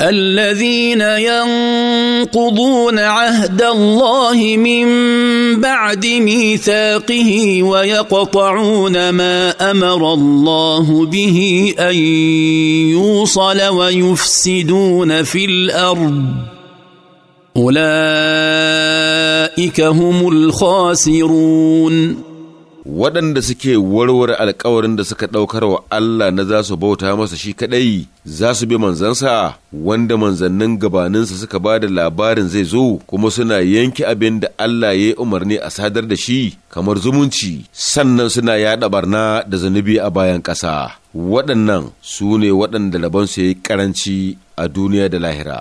الذين ينقضون عهد الله من بعد ميثاقه ويقطعون ما امر الله به ان يوصل ويفسدون في الارض اولئك هم الخاسرون waɗanda suke warware alkawarin da suka ɗaukar wa Allah na za su bauta masa shi kaɗai za su bi manzansa wanda manzannin gabaninsa suka ba da labarin zai zo kuma suna yanke abin da Allah ya yi umarni a sadar da shi kamar zumunci sannan suna yaɗa barna da zunubi a bayan ƙasa waɗannan su ne waɗanda labansu ya yi ƙaranci a duniya da lahira.